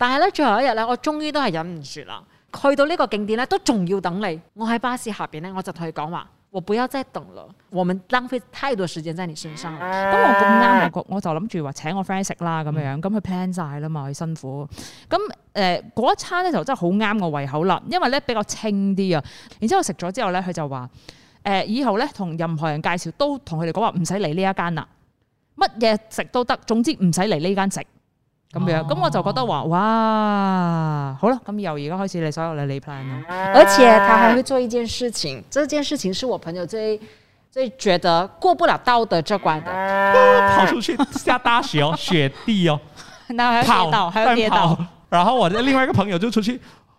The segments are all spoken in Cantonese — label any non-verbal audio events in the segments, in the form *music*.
但係咧，最後一日咧，我終於都係忍唔住啦。去到呢個景點咧，都仲要等你。我喺巴士下邊咧，我就同佢講話：我唔想再等咯，我哋浪費太多時間在你身上。咁、啊、我咁啱，我我就諗住話請我 friend 食啦咁樣。咁佢 plan 曬啦嘛，佢辛苦。咁誒嗰一餐咧就真係好啱我胃口啦，因為咧比較清啲啊。然之後食咗之後咧，佢就話：誒、呃、以後咧同任何人介紹都同佢哋講話唔使嚟呢一間啦，乜嘢食都得，總之唔使嚟呢間食。咁、嗯、樣，咁、哦嗯、我就覺得話，哇，好啦，咁由而家開始你所有嘅 plan 啦。而且他還會做一件事情，啊、這件事情是我朋友最最覺得過不了道德這關的。啊、跑出去下大雪哦， *laughs* 雪地哦，那還要跌倒，還要跌倒。然後我的另外一個朋友就出去。 *laughs*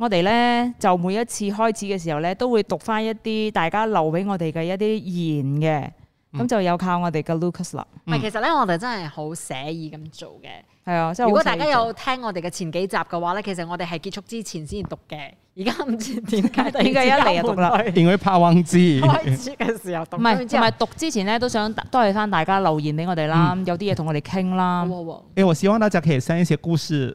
我哋咧就每一次開始嘅時候咧，都會讀翻一啲大家留俾我哋嘅一啲言嘅，咁、嗯、就有靠我哋嘅 Lucas 啦。唔、嗯、係，其實咧我哋真係好寫意咁做嘅。係啊，如果大家有聽我哋嘅前幾集嘅話咧，其實我哋係結束之前先讀嘅。而家唔知點解點解一嚟就讀啦？點解怕之開始嘅時候讀？唔係，唔係讀之前咧都想多謝翻大家留言俾我哋啦，嗯、有啲嘢同我哋傾啦。誒、哦哦哦欸，我希望大家可以 send 一些故事。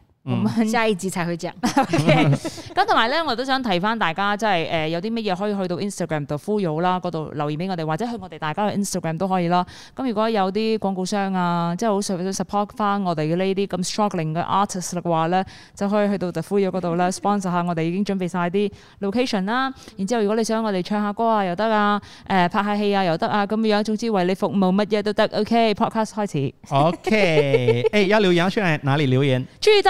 齋截晒佢隻，咁同埋咧，我都想提翻大家，即係誒，有啲乜嘢可以去到 Instagram the Fuyoh 啦，嗰度留言俾我哋，或者去我哋大家嘅 Instagram 都可以啦。咁如果有啲廣告商啊，即係好想 support 翻我哋嘅呢啲咁 struggling 嘅 artist 嘅話咧，就可以去到 the Fuyoh 嗰度啦。sponsor 下我哋已經準備晒啲 location 啦。然之後如果你想我哋唱下歌啊，又得啊，誒、呃，拍下戲啊，又得啊，咁樣總之爲你服務乜嘢都得。OK，podcast、okay，開始。OK，誒、 *laughs* 欸，要留言，需要哪裏留言？駐州。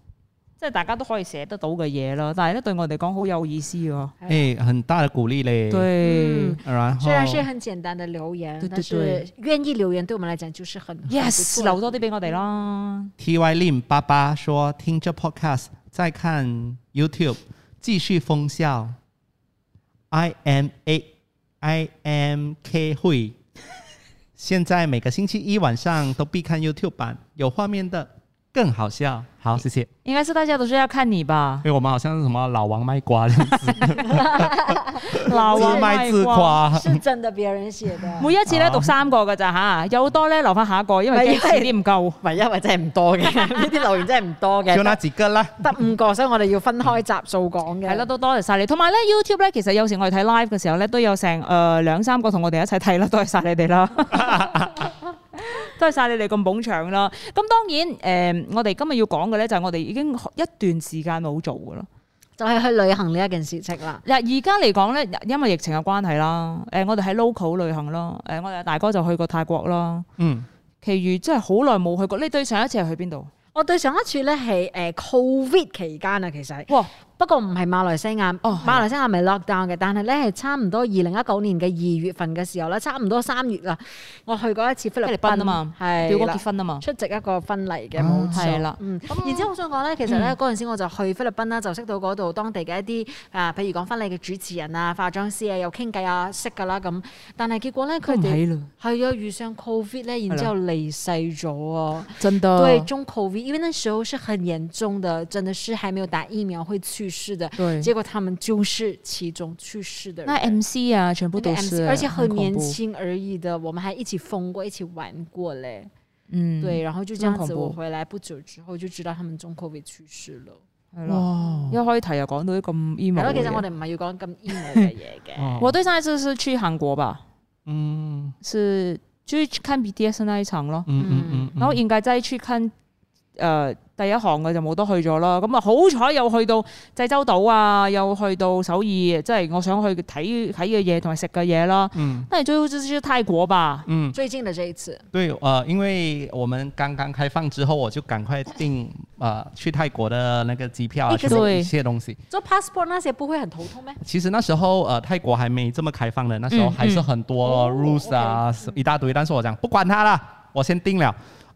即係大家都可以寫得到嘅嘢咯，但係咧對我哋講好有意思喎。誒、哎，很大的鼓勵咧。對，嗯、然。雖然係很簡單的留言，對對對對，但是願意留言對我們嚟講就是很。Yes，留多啲畀我哋咯。嗯、T Y Lim 八八說：聽著 podcast，再看 YouTube，繼續瘋笑。I M A I M K 會， *laughs* 現在每個星期一晚上都必看 YouTube 版，有畫面的。更好笑，好，謝謝。應該是大家都是要看你吧？因、欸、誒，我們好像是什麼老王賣瓜， *laughs* *laughs* 老王賣自誇，是真的，別人寫的。每一次咧讀三個噶咋吓，啊、 *laughs* 有多咧留翻下一個，因為呢啲唔夠，唔係因，因為真係唔多嘅，呢啲留言真係唔多嘅。叫拉自己啦，得五個，所以我哋要分開集數講嘅，係啦，都多謝晒你。同埋咧，YouTube 咧，其實有時我哋睇 live 嘅時候咧，都有成誒兩三個同我哋一齊睇啦，多謝晒你哋啦。 *laughs* 多謝晒你哋咁捧場啦！咁當然，誒、呃，我哋今日要講嘅咧，就係、是、我哋已經一段時間冇做嘅咯，就係去旅行呢一件事情啦。嗱，而家嚟講咧，因為疫情嘅關係啦，誒、呃，我哋喺 local 旅行咯，誒、呃，我哋大哥就去過泰國啦，嗯，其餘真係好耐冇去過。你對上一次係去邊度？我對上一次咧係誒，covid 期間啊，其實。哇不過唔係馬來西亞，馬來西亞咪 lock down 嘅、哦，但係咧係差唔多二零一九年嘅二月份嘅時候咧，差唔多三月啦。我去過一次菲律賓啊嘛，表哥結婚啊嘛，出席一個婚禮嘅，係、哦、啦、嗯嗯，嗯。然之後我想講咧，其實咧嗰陣時我就去菲律賓啦，就識到嗰度當地嘅一啲啊，譬如講婚禮嘅主持人啊、化妝師啊，又傾偈啊，識噶啦咁。但係結果咧佢哋係啊遇上 covid 咧，然之後離世咗啊，真的，對，中 covid，因為嗰陣時係很嚴重嘅，真的是係咪有打疫苗會去。是的，對。結果他們就是其中去世的人，那 MC 啊，全部都是，對對 MC，而且很年輕而已的。我們還一起瘋過，一起玩過嘞，嗯，對。然後就這樣子，我回來不久之後就知道他們中 COVID 去世了。哇！一開頭又講到一個 emo，其實我哋唔係要講咁 emo 嘅嘢嘅。我對上一次是去韓國吧，嗯，是就去看 BTS 那一場咯，嗯嗯嗯，嗯，然後應該再去看，呃。第一行嘅就冇得去咗啦，咁、嗯、啊好彩又去到濟州島啊，又去到首爾，即係我想去睇睇嘅嘢同埋食嘅嘢啦。嗯，但係最後就是去泰國吧。嗯，最近的這一次。對，誒、呃，因為我們剛剛開放之後，我就趕快訂誒、呃、去泰國的那個機票、啊， *laughs* 一系列東西。做 passport 那些不會很頭痛咩？其實那時候誒、呃、泰國還沒這麼開放的，那時候還是很多 rules 啊、嗯嗯哦 okay, 嗯、一大堆，但是我講不管它啦，我先定了。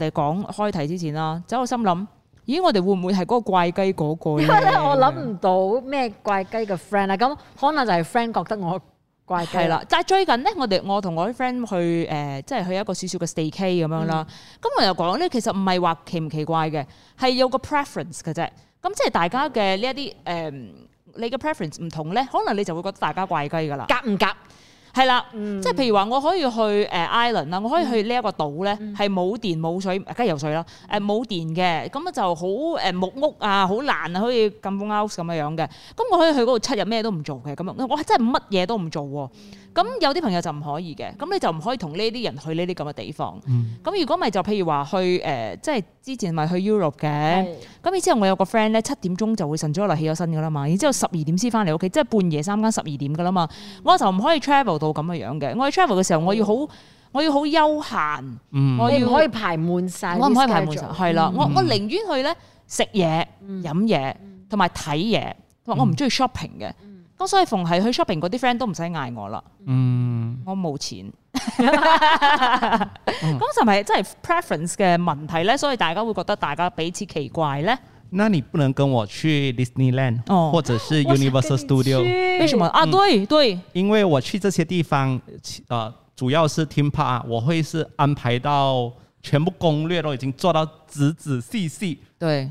我哋講開題之前啦，就我心諗，咦，我哋會唔會係嗰個怪雞嗰個咧？ *laughs* 我諗唔到咩怪雞嘅 friend 啊，咁可能就係 friend 覺得我怪雞係啦。但係最近咧，我哋我同我啲 friend 去誒，即、呃、係去一個少少嘅 staycation 咁樣啦。咁、嗯、我又講咧，其實唔係話奇唔奇怪嘅，係有個 preference 嘅啫。咁即係大家嘅呢一啲誒，你嘅 preference 唔同咧，可能你就會覺得大家怪雞噶啦，夾唔夾？係啦，嗯、即係譬如話，我可以去誒 Island 啦，我可以去呢一個島咧，係冇電冇水，梗係游水啦，誒冇電嘅，咁啊就好誒木屋啊，好爛啊，好似 gunhouse 咁嘅樣嘅，咁我可以去嗰度七日咩都唔做嘅，咁啊我係真係乜嘢都唔做喎。咁有啲朋友就唔可以嘅，咁你就唔可以同呢啲人去呢啲咁嘅地方。咁如果咪就譬如話去誒，即、呃、係之前咪去 Europe 嘅。咁然之後我有個 friend 咧，七點鐘就會晨早嚟起咗身噶啦嘛。然之後十二點先翻嚟屋企，即係半夜三更十二點噶啦嘛。我就唔可以 travel 到咁嘅樣嘅。我去 travel 嘅時候我要好、哦，我要好休閒、嗯，我要可以排滿晒。我唔可以排滿晒。係、嗯、啦。我我寧願去咧食嘢、飲嘢同埋睇嘢，同埋、嗯、我唔中意 shopping 嘅。嗯咁所以逢係去 shopping 嗰啲 friend 都唔使嗌我啦。嗯，我冇錢。咁就咪係真係 preference 嘅問題咧，所以大家會覺得大家彼此奇怪咧。那你不能跟我去 Disneyland、哦、或者是 Universal Studio？為什麼？啊，對對、嗯。因為我去這些地方，呃，主要是 theme park，我會是安排到全部攻略都已經做到仔仔細細。對。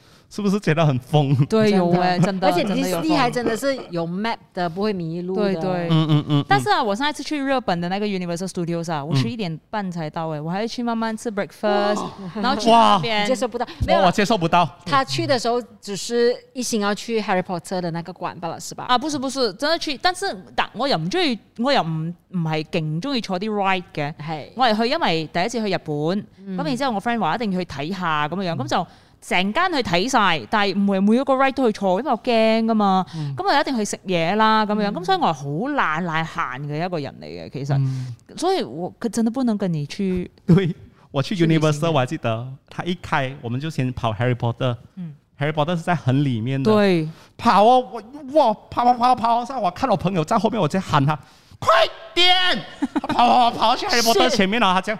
是不是覺得很瘋？對，有誒，真的， *laughs* 而且你手機還真的是有 map 的，不會迷路的。對，對嗯嗯嗯。但是啊，我上一次去日本的那個 Universal Studios 啊，嗯、我十一點半才到誒，我還去慢慢吃 breakfast，然後去哇，接受不到，沒有、哦，我接受不到。他去的時候只是一心要去 Harry Potter 的那個館罷了，是吧？啊，不是不是，真係去，但是但我又唔中意，我又唔唔係勁中意坐啲 ride 嘅，係，我係去因為第一次去日本，咁然之後我 friend 話一定要去睇下咁樣樣，咁、嗯、就。成間去睇晒，但係唔係每一個 ride、right、都去坐，因為我驚㗎嘛。咁我一定去食嘢啦，咁樣咁所以我係好懶懶行嘅一個人嚟嘅、嗯、其實。所以我佢真係不能跟你去。對，我去 Universal，去我還記得，他一開，我們就先跑 Harry Potter、嗯。Harry Potter 是在很裡面的。對，跑啊！我哇跑啊跑啊跑啊我跑跑跑跑上，我看到朋友在後面，我再喊他 *laughs* 快點，跑、啊、跑、啊、跑去 Harry Potter *laughs* 前面啦，他這樣。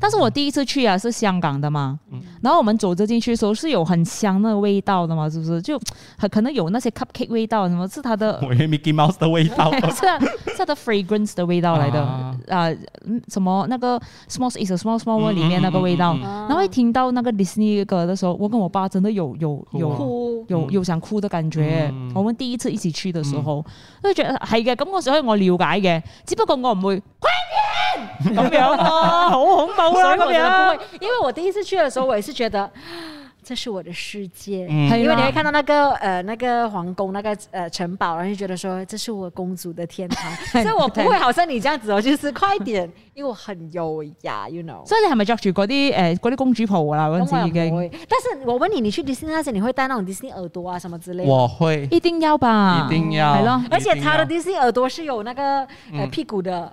但是我第一次去啊，是香港的嘛，嗯、然後我們走着進去的時候是有很香那個味道的嘛，是不是？就很可能有那些 cupcake 味道，什麼是它的？Mickey Mouse 的味道 *laughs* 是、啊，是它的 fragrance 的味道來的啊，啊，什麼那個 small is a small small world 裏面那個味道、嗯嗯嗯嗯。然後一聽到那個 Disney 歌的時候，我跟我爸真的有有有哭，有有想哭的感覺、嗯。我們第一次一起去的時候，都、嗯、覺得係嘅，咁、嗯、我所以我了解嘅，只不過我唔會。 *laughs* 好恐怖啊！ *laughs* 因為我第一次去的時候， *laughs* 我也是覺得這是我的世界、嗯。因為你會看到那個呃那個皇宮那個呃城堡，然後就覺得說這是我公主的天堂。 *laughs* 所以我不會好像你這樣子哦， *laughs* 就是快一點，因為我很優雅，you know。所以你係咪着住嗰啲誒嗰啲公主袍啊？咁樣不會。但是我問你，你去迪士尼，那時你會戴那種迪士尼耳朵啊什麼之類的？我會，一定要吧，嗯一定要嗯、一定要。而且它的迪士尼耳朵是有那個誒、嗯呃、屁股的。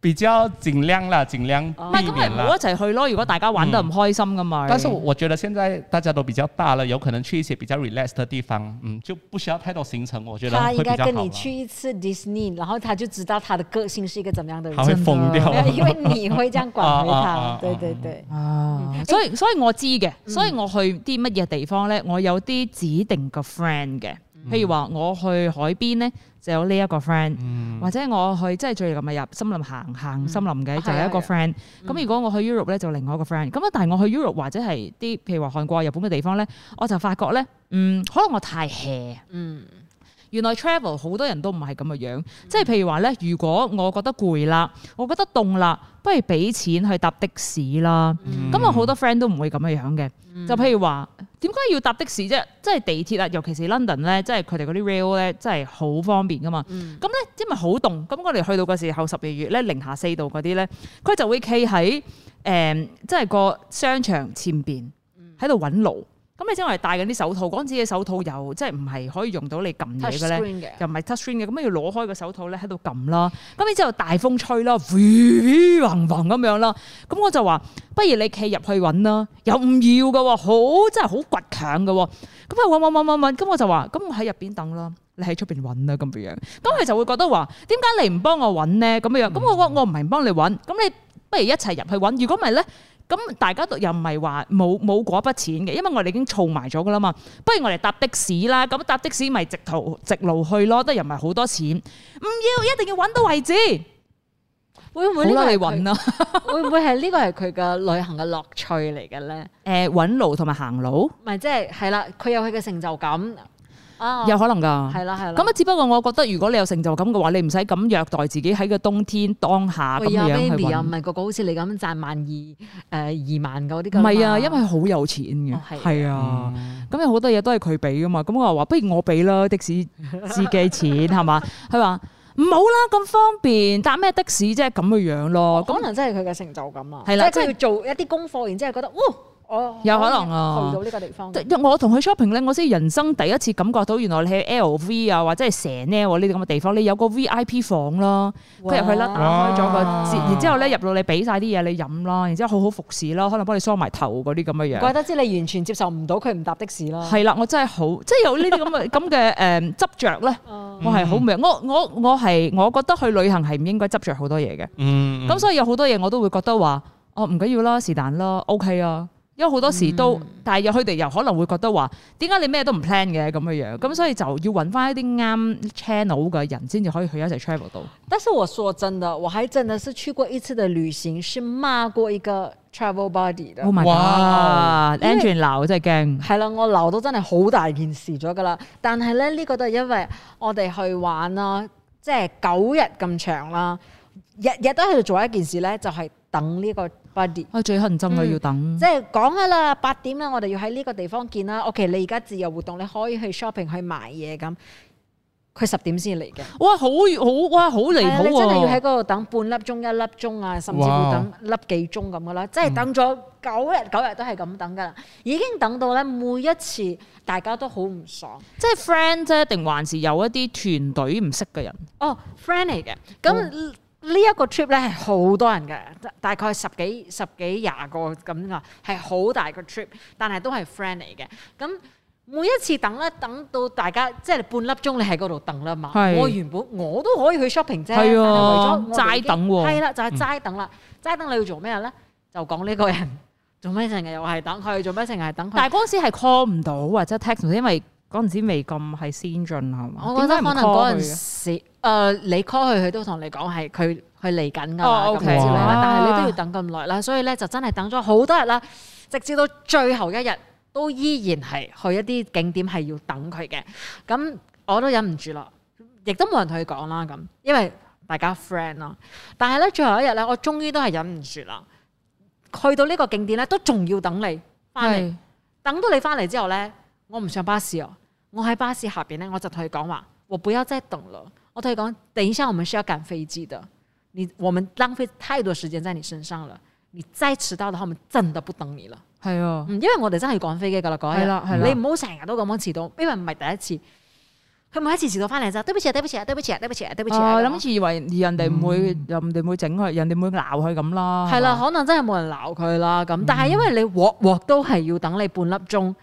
比較盡量啦，盡量避啦。唔係，咁咪唔好一齊去咯。如果大家玩得唔開心噶嘛、嗯。但是，我覺得現在大家都比較大啦，有可能去一些比較 relax 的地方，嗯，就不需要太多行程。我覺得會比較好。他應該跟你去一次 Disney，然後他就知道他的個性是一個點樣的人。他會瘋掉，因為你會咁樣管佢。啊！ *laughs* 對對對。啊，啊，啊，啊、嗯！所以所以我知嘅，所以我去啲乜嘢地方咧、嗯，我有啲指定個 friend 嘅。譬如話，我去海邊咧，就有呢一個 friend、嗯、或者我去即係最近咪入森林行行森林嘅，就有一個 friend。咁、嗯、如果我去 Europe 咧，就另外一個 friend。咁啊，但係我去 Europe 或者係啲譬如話韓國、日本嘅地方咧，我就發覺咧，嗯，可能我太 hea。嗯。原來 travel 好多人都唔係咁嘅樣，即係譬如話咧，如果我覺得攰啦，我覺得凍啦，不如俾錢去搭的士啦。咁我好多 friend 都唔會咁嘅樣嘅，嗯、就譬如話，點解要搭的士啫？即係地鐵啊，尤其是 London 咧，即係佢哋嗰啲 rail 咧，真係好方便噶嘛。咁咧、嗯，因為好凍，咁我哋去到個時候十二月咧，零下四度嗰啲咧，佢就會企喺誒，即係個商場前邊喺度揾路。咁你先係戴緊啲手套，嗰陣時嘅手套又即係唔係可以用到你撳嘢嘅咧，又唔係 touch screen 嘅，咁要攞開個手套咧喺度撳啦。咁你之後大風吹啦，橫橫咁樣啦。咁、呃呃呃呃呃呃呃、我就話，不如你企入去揾啦，又唔要㗎喎，好真係好倔強㗎喎。咁啊揾揾揾揾揾，咁、嗯嗯嗯嗯嗯嗯、我就話，咁我喺入邊等啦，你喺出面揾啦咁樣。咁佢就會覺得話，點解你唔幫我揾咧？咁樣，咁、嗯嗯、我說我我唔係幫你揾，咁你不如一齊入去揾。如果唔係咧。咁大家都又唔係話冇冇嗰筆錢嘅，因為我哋已經儲埋咗噶啦嘛。不如我哋搭的士啦，咁搭的士咪直頭直路去咯，都又唔係好多錢。唔要，一定要揾到位置。會唔會呢個係揾咯？會唔會係呢個係佢嘅旅行嘅樂趣嚟嘅咧？誒，揾路同埋行路。唔係，即係係啦，佢有佢嘅成就感。有可能噶，係啦，係啦。咁啊，只不過我覺得如果你有成就感嘅話，你唔使咁虐待自己喺個冬天當下咁嘅樣去搵。又唔係個個好似你咁賺萬二誒二萬嘅嗰啲。唔係啊，因為好有錢嘅，係啊、哦。咁、嗯嗯、有好多嘢都係佢俾噶嘛。咁我話不如我俾啦，的士司機錢係嘛？佢話唔好啦，咁方便搭咩的士即啫，咁、就、嘅、是、樣咯。可能真係佢嘅成就感啊。係啦的，即係的要做一啲功課，然之後覺得，呃哦、有可能啊，去到呢個地方我。我同佢 shopping 咧，我先人生第一次感覺到原來你喺 LV 啊，或者係蛇呢喎呢啲咁嘅地方，你有個 VIP 房咯，佢入去啦，哇去打開咗個，哇然之後咧入到你俾晒啲嘢你飲啦，然之後好好服侍咯，可能幫你梳埋頭嗰啲咁嘅樣。覺得即係你完全接受唔到佢唔搭的士啦。係啦，我真係好，即係有呢呢 *laughs* 呢啲咁嘅咁嘅誒執着咧，我係好明，我我我係我覺得去旅行係唔應該執着好多嘢嘅。嗯。咁、嗯、所以有好多嘢我都會覺得話，哦唔緊要啦，是但啦，OK 啊。因為好多時都，嗯、但有佢哋又可能會覺得話，點解你咩都唔 plan 嘅咁嘅樣？咁所以就要揾翻一啲啱 channel 嘅人先至可以去一齊 travel 到。但是我說真的，我還真的是去過一次的旅行，是罵過一個 travel buddy 的。哇！Angie 鬧真係驚。係啦，我鬧到真係好大件事咗㗎啦。但係咧，呢、呢個都係因為我哋去玩啦，即係九日咁長啦，日日都喺度做一件事咧，就係、是。等呢個八點啊最恨憎啊要等、嗯，即係講啦，八點啦，我哋要喺呢個地方見啦。OK，你而家自由活動，你可以去 shopping 去買嘢咁。佢十點先嚟嘅，哇好好哇好離譜啊！你真係要喺嗰度等半粒鐘一粒鐘啊，甚至乎等粒幾鐘咁嘅啦。即係等咗九日九日都係咁等噶啦，已經等到咧每一次大家都好唔爽。即係 friend 即係定還是有一啲團隊唔識嘅人？哦，friend 嚟嘅咁。呢一個 trip 咧係好多人嘅，大大概十幾十幾廿個咁啊，係好大個 trip，但係都係 friend 嚟嘅。咁每一次等咧，等到大家即係半粒鐘，你喺嗰度等啦嘛。我原本我都可以去 shopping 啫，但係為咗齋等。係啦，就係齋等啦，齋等你要做咩咧？就講呢個人做咩成日又係等佢，做咩成日等佢。但係嗰時係 call 唔到啊，或者 text，因為。嗰陣時未咁係先進係嘛？我覺得可能嗰陣時，呃、你 call 佢，佢都同你講係佢係嚟緊噶嘛？哦，OK，但係你都要等咁耐啦，所以咧就真係等咗好多日啦，直至到最後一日都依然係去一啲景點係要等佢嘅。咁我都忍唔住啦，亦都冇人同佢講啦咁，因為大家 friend 咯。但係咧最後一日咧，我終於都係忍唔住啦，去到呢個景點咧都仲要等你翻嚟，是等到你翻嚟之後咧。我唔上巴士哦，我喺巴士下邊咧，我就同佢講話：我不要再等了。我同佢講：等一下，我們需要趕飛機的。你，我們浪費太多時間在你身上了。你再遲到的話，我們真的不等你了。係啊，因為我哋真係趕飛機噶啦，哥、啊啊啊啊，你唔好成日都咁樣遲到，因為唔係第一次。佢每一次遲到翻嚟就對不起，啊，對不起，啊，對不起，啊，對不起、啊，對不起。我諗住以為人哋唔會，人哋唔會整佢，人哋唔會鬧佢咁啦。係啦、啊，可能真係冇人鬧佢啦。咁、嗯，但係因為你鑊鑊都係要等你半粒鐘。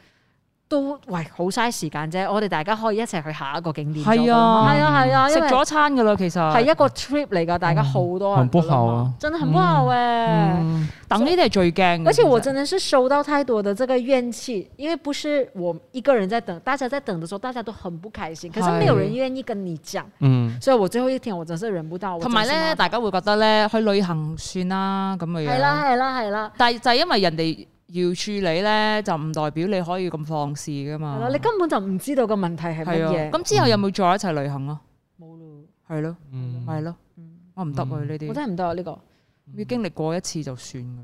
都喂，好嘥時間啫！我哋大家可以一齊去下一個景點。係啊，係啊，係、嗯、啊，食咗餐㗎喇，其實係一個 trip 嚟㗎、哦，大家好多人。很不好啊！真的很不好誒、欸嗯嗯，等呢啲係最驚嘅。而且我真係收到太多的這個怨氣，因為不是我一個人在等，大家在等嘅時候，大家都很不開心，可是沒有人願意跟你講。嗯。所以我最後一天我真是忍不到。同埋咧，大家會覺得咧，去旅行算啦咁嘅樣，樣。係啦，係啦，係啦，啦。但係就係因為人哋。要處理咧，就唔代表你可以咁放肆噶嘛。係啦，你根本就唔知道個問題係乜嘢。咁之後有冇再一齊旅行咯？冇、嗯、咯。係咯，係咯、嗯。我唔得喎呢啲。我真係唔得啊！呢、呢個要經歷過一次就算了。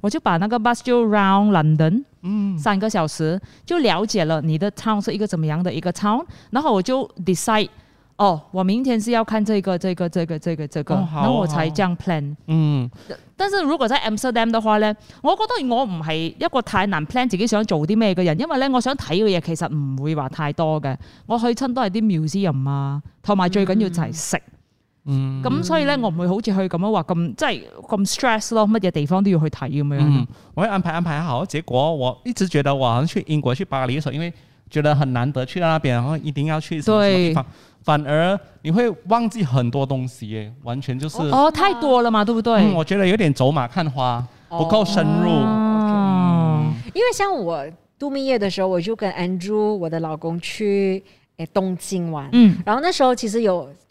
我就把那個 bus tour round London，、嗯、三個小時就了解了你的 town 是一個怎麼樣的一個 town。然後我就 decide，哦，我明天是要看這個、這個、這個、這個、這個，哦啊、然後我才將 plan。嗯，但是如果在 Amsterdam 的話呢，我覺得我唔係一個太難 plan 自己想做啲咩嘅人，因為咧我想睇嘅嘢其實唔會話太多嘅。我去親都係啲 museum 啊，同埋最緊要就係食。嗯嗯，咁、嗯嗯嗯、所以呢，我唔會好似去咁樣話咁，即係咁 stress 咯，乜嘢地方都要去睇咁樣。嗯，我會安排安排好，結果我一直覺得我話去英國去巴黎嗰時候，因為覺得很難得去到那邊，然、哦、後一定要去什麼地方，反而你會忘記很多東西、欸，誒，完全就是哦，哦，太多了嘛，對不對、嗯？我覺得有點走馬看花，不夠深入。哦、啊 okay. 嗯，因為像我度蜜月的時候，我就跟 Andrew 我的老公去誒東京玩，嗯，然後那時候其實有。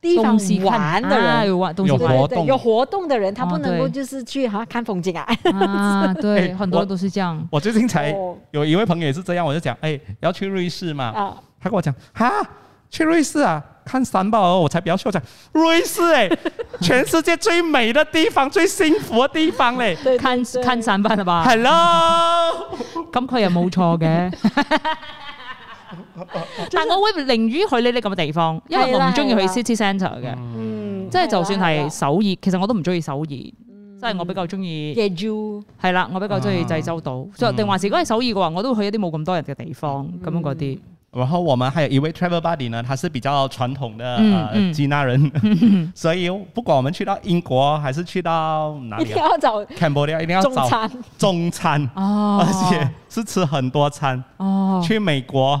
地方玩的人，東西啊、有活動，有活動的人，他不能夠就是去哈、啊、看風景啊。啊，對，很多人都是這樣、欸我。我最近才有一位朋友也是這樣，我就講，哎、欸，要去瑞士嘛。啊、哦，他跟我講，哈，去瑞士啊，看山報哦，我才不要說講瑞士哎、欸， *laughs* 全世界最美的地方， *laughs* 最幸福的地方嘞、欸。 *laughs* 對，對，對，看看山報了吧。Hello，咁佢又冇錯嘅。 *laughs* 啊啊就是、但我會寧願去呢啲咁嘅地方，因為我唔中意去 city centre 嘅，即係就算係首爾，其實我都唔中意首爾，即、嗯、係我、嗯、我比較中意。Jeju 係啦，我比較中意濟州島，定、啊、還、嗯、是如果係首爾嘅話，我都會去一啲冇咁多人嘅地方咁嗰啲。然後我們係一位 travel buddy 呢，他是比較傳統的吉納、呃嗯嗯、人，嗯、 *laughs* 所以不管我們去到英國，還是去到哪裡，一定要找 Cambodia 一定要找中餐，中餐、哦，而且是吃很多餐。哦、去美國。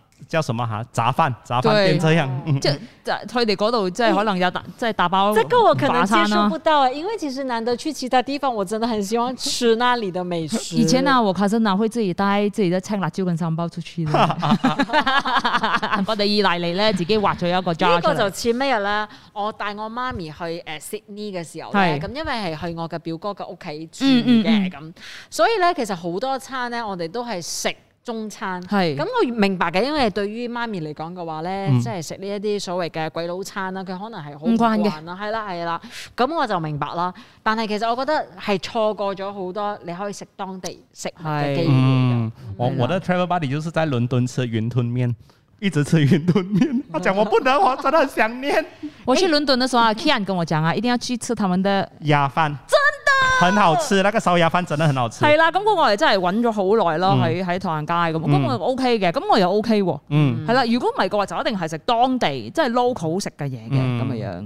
叫什麼、啊、炸飯，飯、飯，飯店這樣，嗯、就在在佢哋嗰度再可能有打再、嗯、打包、啊。這個我可能接受不到哎、啊，因為其實難得去其他地方，我真的很喜歡吃那裏的美食。 *laughs* 以前呢、啊，我可是哪會自己帶自己的青辣椒跟三包出去 *laughs* *laughs* *laughs* 我哋意大利咧，自己畫咗一個。呢 *laughs* 個就似咩啦？我帶我媽咪去誒悉尼嘅時候，咁因為係去我嘅表哥嘅屋企住嘅，咁、嗯嗯、所以咧，其實好多餐咧，我哋都係食。中餐係，咁我明白嘅，因為對於媽咪嚟講嘅話咧，即係食呢一啲所謂嘅鬼佬餐啦，佢可能係好慣嘅，係啦係啦，咁我就明白啦。但係其實我覺得係錯過咗好多你可以食當地食嘅機會、嗯、我我的 travel buddy 就是在倫敦吃雲吞麵，一直吃雲吞麵。他講我不能，我 *laughs* 真的很想念。我去倫敦嘅時候啊 *laughs* ，Kian 跟我講啊，一定要去吃他們的丫飯。很好吃，那個燒鴨飯真的很好吃。係啦，咁、那個、我哋真係揾咗好耐咯，喺、嗯、喺唐人街咁，咁、那個、我 OK 嘅，咁、嗯、那個、我又 OK 喎。嗯，係啦，如果唔係嘅話，就一定係食當地，即、就、係、是、local 好食嘅嘢嘅咁嘅樣。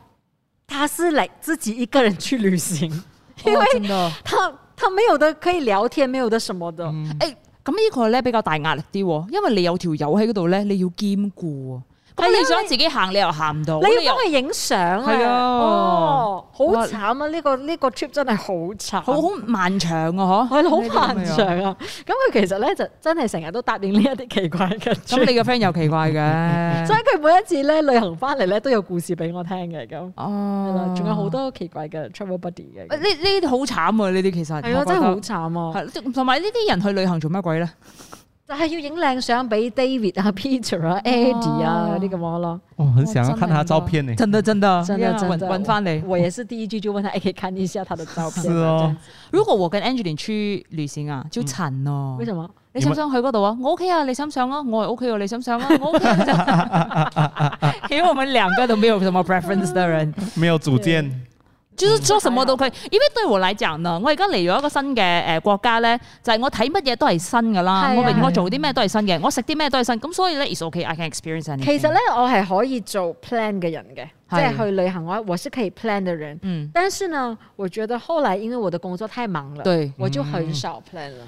他是來自己一個人去旅行，哦，因為他他，他沒有的可以聊天，沒有的什麼的，嗯、哎，咁呢個咧比較大壓力啲、哦，因為你有條友喺度咧，你要兼顧、哦。係你想自己行，你又行唔到。你要幫佢影相。係啊，哦，好慘啊！呢個呢個 trip 真係好慘，好漫長啊！嗬，係好漫長啊！咁佢其實咧就真係成日都答應呢一啲奇怪嘅。咁你個 friend 又奇怪嘅，所以佢每一次咧旅行翻嚟咧都有故事俾我聽嘅。咁哦，仲有好多奇怪嘅 travel buddy 嘅。呢呢啲好慘啊！呢啲其實係啊，真係好慘啊！同埋呢啲人去旅行做乜鬼咧？但係要影靚相俾 David 啊、Peter 啊、Eddie 啊嗰啲咁咯。我、啊這個哦、很想睇下照片咧、欸哦。真的真的，真的真的翻咧。我也是第一句就問他，可以看一下他的照片。 *laughs* 是哦。如果我跟 Angeline 去旅行啊，就慘咯。為什麼？你想唔想去嗰度啊、OK、啊，啊，我，OK 啊，想唔想啊我 OK 啊。你想唔想啊，我 OK 啊，你想唔想啊，我 OK。因為我們兩個都沒有什麼 preference 的人， *laughs* 沒有主見。j、嗯就是啊啊、做什麼都可以。因為對我嚟講啊，我而家嚟咗一個新嘅誒國家咧，就係我睇乜嘢都係新噶啦，我我做啲咩都係新嘅，我食啲咩都係新，咁所以咧，is okay, I can experience anything. 其實咧，我係可以做 plan 嘅人嘅，即係、就是、去旅行我我是可以 plan 嘅人，嗯，但是呢，我覺得後來因為我嘅工作太忙了，對，我就很少 plan 了。嗯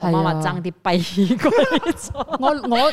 媽媽爭啲閉我媽媽、啊、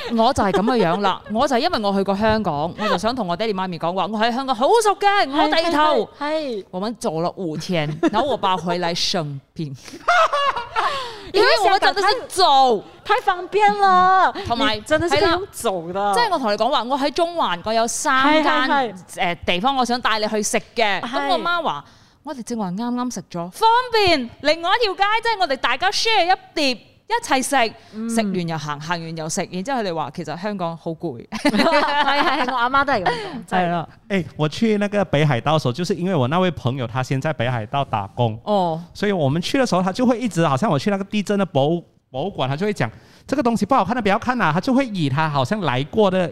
*laughs* 我我就係咁嘅樣啦，我就係因為我去過香港，我就想同我爹哋媽咪講話，我喺香港好熟嘅，我帶佢去。係，我們做落五天， *laughs* 然後我爸佢來生病， *laughs* 因為我真的是做太，太方便啦，同、嗯、埋真的，要做的是做走啦，即、就、係、是、我同你講話，我喺中環我有三間誒、呃、地方我帶是是我媽媽，我想帶你去食嘅，咁我媽話我哋正話啱啱食咗，方便，另外一條街即係、就是、我哋大家 share 一碟。一齊食，食完又行，嗯、行完又食，然之後佢哋話其實香港好攰， *laughs* 我阿媽都係咁講，誒，我去那個北海道的時候，就是因為我那位朋友，他先在北海道打工，哦，所以我們去的時候，他就會一直好像我去那個地震的博物博物館，他就會講，這個東西不好看，的不要看、啊、他就會以他好像來過的。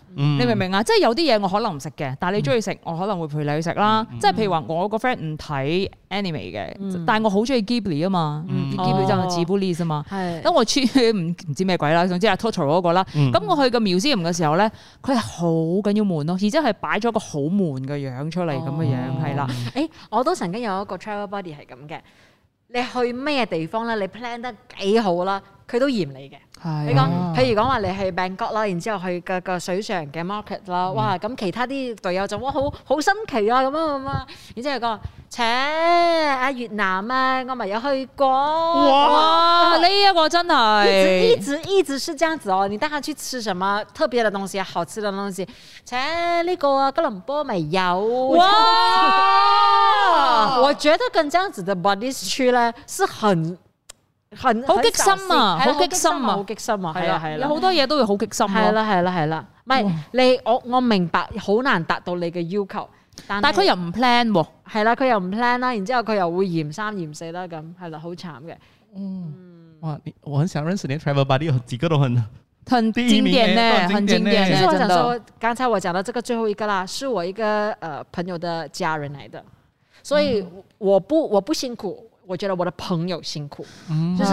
你明唔明啊？即係有啲嘢我可能唔食嘅，但係你中意食，我可能會陪你去食啦。即係譬如話我個 friend 唔睇 anime 嘅，但係我好中意 Ghibli 啊嘛，Ghibli 就係 Ghiblis 啊嘛。咁我唔唔知咩鬼啦，總之阿 Totoro 嗰個啦。咁我去個 museum 嘅時候咧，佢係好緊要悶咯，而且係擺咗個好悶嘅樣出嚟咁嘅樣係啦。誒，我都曾經有一個 travel buddy 係咁嘅，你去咩地方咧？你 plan 得幾好啦，佢都嫌你嘅。哎、呀你講，譬如講話你去曼谷啦，然之後去個個水上嘅 market 啦，嗯、哇！咁其他啲隊友就哇好好新奇啊，咁啊咁啊，然之後講，切阿越南啊，我咪有去過。哇！呢一、這個真係。一直一直一直是這樣子哦，你帶佢去吃什麼特別嘅東西、好吃嘅東西？切呢、這個吉隆坡沒有。哇， *laughs* 哇！我覺得跟這樣子的 body 區咧是很。好激心啊！好激心啊！好激心啊！係啦係啦，有好多嘢都會好激心、啊、咯。係啦係啦係啦，唔係你我我明白，好難達到你嘅要求，但係佢又唔 plan 喎，係啦佢又唔 plan 啦，然之後佢又會嫌三嫌四啦，咁係啦好慘嘅。嗯，哇！我我很想認識你，travel buddy 幾個都很很經典嘅，很經典嘅。其實我想說，剛才我講到這個最後一個啦，是我一個誒、呃、朋友的家人來的，所以我不我不辛苦。我覺得我的朋友辛苦，就是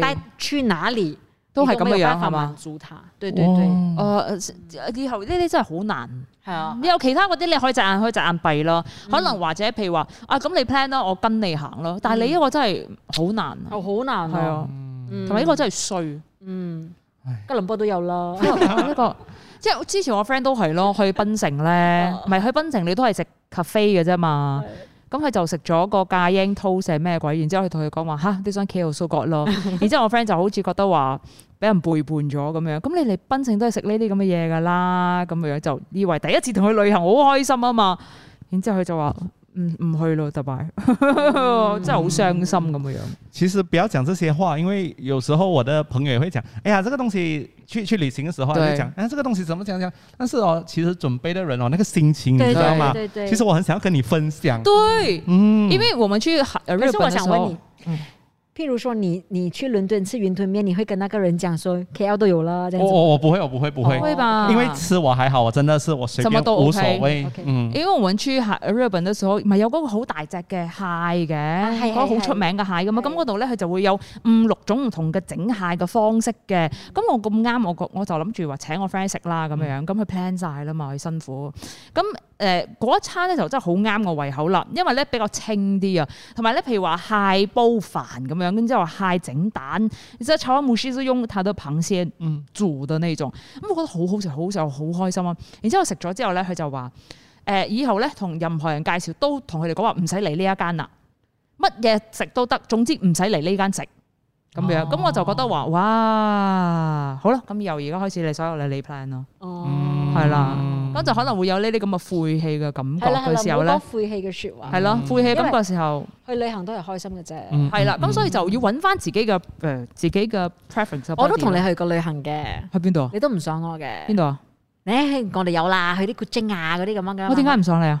帶去哪裏都係咁冇辦法滿足佢。對對對，以後呢啲真係好難，係啊。你有其他嗰啲，你可以隻眼開隻眼閉咯。可能或者譬如話啊，咁你 plan 咯，我跟你行咯。但係你呢個真係好難，好難，係啊。同埋呢個真係衰，嗯，吉隆坡都有啦。呢個即係之前我 friend 都係咯，去檳城咧，唔係去檳城你都係食 cafe 嘅啫嘛。咁佢就食咗個咖央吐司咩鬼， *laughs* 然之後佢同佢講話吓，啲想 care s 咯，然之後我 friend 就好似覺得話俾人背叛咗咁樣，咁你嚟檳城都係食呢啲咁嘅嘢噶啦，咁樣就以為第一次同佢旅行好開心啊嘛，然之後佢就話。唔、嗯、唔去咯，拜拜， *laughs* 真係好傷心咁樣，嗯。其實不要講這些話，因為有時候我的朋友也會講，哎呀，這個東西去去旅行嘅時候，講，哎、啊，這個東西怎麼講講？但是哦，其實準備的人哦，那個心情對對對對，你知道嗎？其實我很想要跟你分享。對，嗯，因為我們去海日本譬如說你你去倫敦吃雲吞麵，你會跟那個人講說 KL 都有啦？我我我不會我不會不會，會、哦、吧？因為吃我還好，我真的是我隨都無所謂、okay okay. 嗯。因為我哋去日本嘅時候，唔係有嗰個好大隻嘅蟹嘅，嗰個好出名嘅蟹噶嘛。咁嗰度咧佢就會有五六種唔同嘅整蟹嘅方式嘅。咁我咁啱我我就諗住話請我 friend 食啦咁樣樣，咁佢 plan 晒啦嘛，佢辛苦咁。誒嗰一餐咧就真係好啱我胃口啦，因為咧比較清啲啊，同埋咧譬如話蟹煲飯咁樣，跟住之後蟹整蛋，其實炒木粉都用太多棒先唔做到呢種，咁我覺得好，好好食，好食，好開心啊！然之後食咗之後咧，佢就話誒以後咧同任何人介紹都同佢哋講話唔使嚟呢一間啦，乜嘢食都得，總之唔使嚟呢間食。咁樣，咁我就覺得話，哇，好啦，咁由而家開始，你所有你 plan 咯，係啦，咁就可能會有呢啲咁嘅晦氣嘅感覺嘅時候咧，好多晦氣嘅説話，係咯，晦氣感覺時候，去旅行都係開心嘅啫，係啦，咁所以就要揾翻自己嘅誒，自己嘅 preference，我都同你去過旅行嘅，去邊度？你都唔想我嘅邊度啊？誒，我哋有啦，去啲古蹟啊嗰啲咁樣嘅，我點解唔想你啊？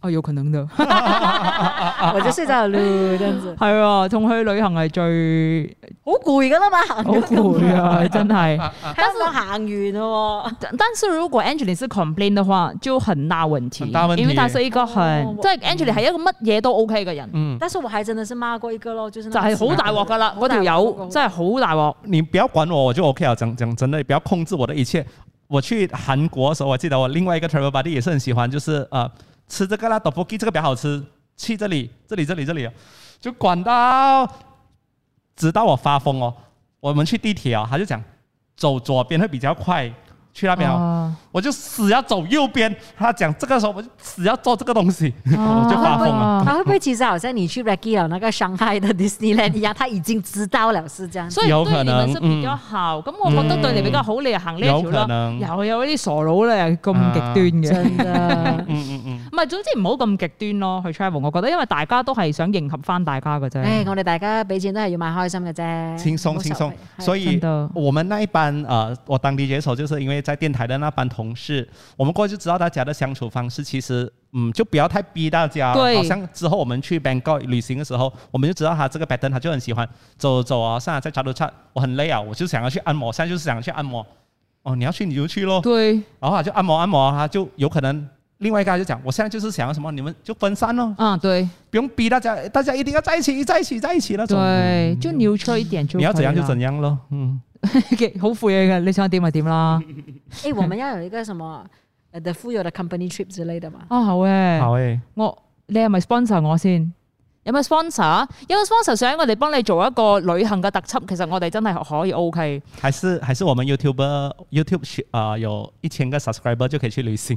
哦、有可能的， *laughs* *laughs* 我就睡咗啦， *laughs* *laughs* 這樣子。係啊，同去旅行係最好攰噶啦嘛，好攰啊， *laughs* 真係的。 *laughs* 但是行完喎，但是如果 Angeline 是 complain 嘅話，就很大問題。大問題，因為他是一個很，即、哦、係、就是、Angeline、嗯、係一個乜嘢都 OK 嘅人。嗯。但是我還真的是罵過一個咯，就是就係、是、好大鑊噶啦，條友真係好大鑊、那個那個就是。你不要管我，我就 OK 啊，講講講真真真你，不要控制我的一切。我去韓國時候，我記得我另外一個 travel buddy 也是很喜歡，就是、呃吃這個啦豆腐 u 這個比較好吃。去這裏，這裏，這裏，這裏、哦，就管到，直到我發瘋哦。我們去地鐵啊、哦，他就講走左邊會比較快，去那邊哦。啊、我就死要走右邊，他講這個時候我就死要做這個東西，啊、我就發瘋了。他會不會其實好像你去 Reggio 那個上海的 Disneyland，他已經知道了是這樣，有可能，所以對你們是比較好，咁、嗯嗯、我凡都對你比較好，你行這條路。有可能，又有啲傻佬咧，咁極端嘅、啊 *laughs* 嗯，嗯嗯嗯。唔係，總之唔好咁極端咯，去 travel。我覺得因為大家都係想迎合翻大家嘅啫。誒，我哋大家俾錢都係要買開心嘅啫，輕鬆輕鬆。所以我們那一班誒、呃，我當地接手，就是因為在電台的那班同事，我們過去就知道大家的相處方式。其實，嗯，就不要太逼大家。對。好像之後我們去 Bangkok 旅行嘅時候，我們就知道他這個白天他就很喜歡走走啊，上啊，在 Chatuchak，我很累啊，我就想要去按摩，想就是想去按摩。哦，你要去你就去咯。對。然後他就按摩按摩，他就有可能。另外一個就講，我現在就是想要什麼，你們就分散咯。啊，對，不用逼大家，大家一定要在一起，在一起，在一起，在一起那種。對，就扭車一點就。你要怎樣就怎樣咯， *laughs* 樣樣咯，嗯， *laughs* 好 Fuyoh 嘅，你想點咪點啦。誒， *laughs* 哎，我們要有一個什麼，誒，The Fuyoh 的 company trip 之類的嘛？啊、哦，好誒，好誒，我你係咪 sponsor 我先？有冇 sponsor？有 sponsor 想我哋幫你做一個旅行嘅特輯，其實我哋真係可以 OK。還是還是我們 YouTuber, YouTube YouTube、呃、啊，有一千個 subscriber 就可以去旅行。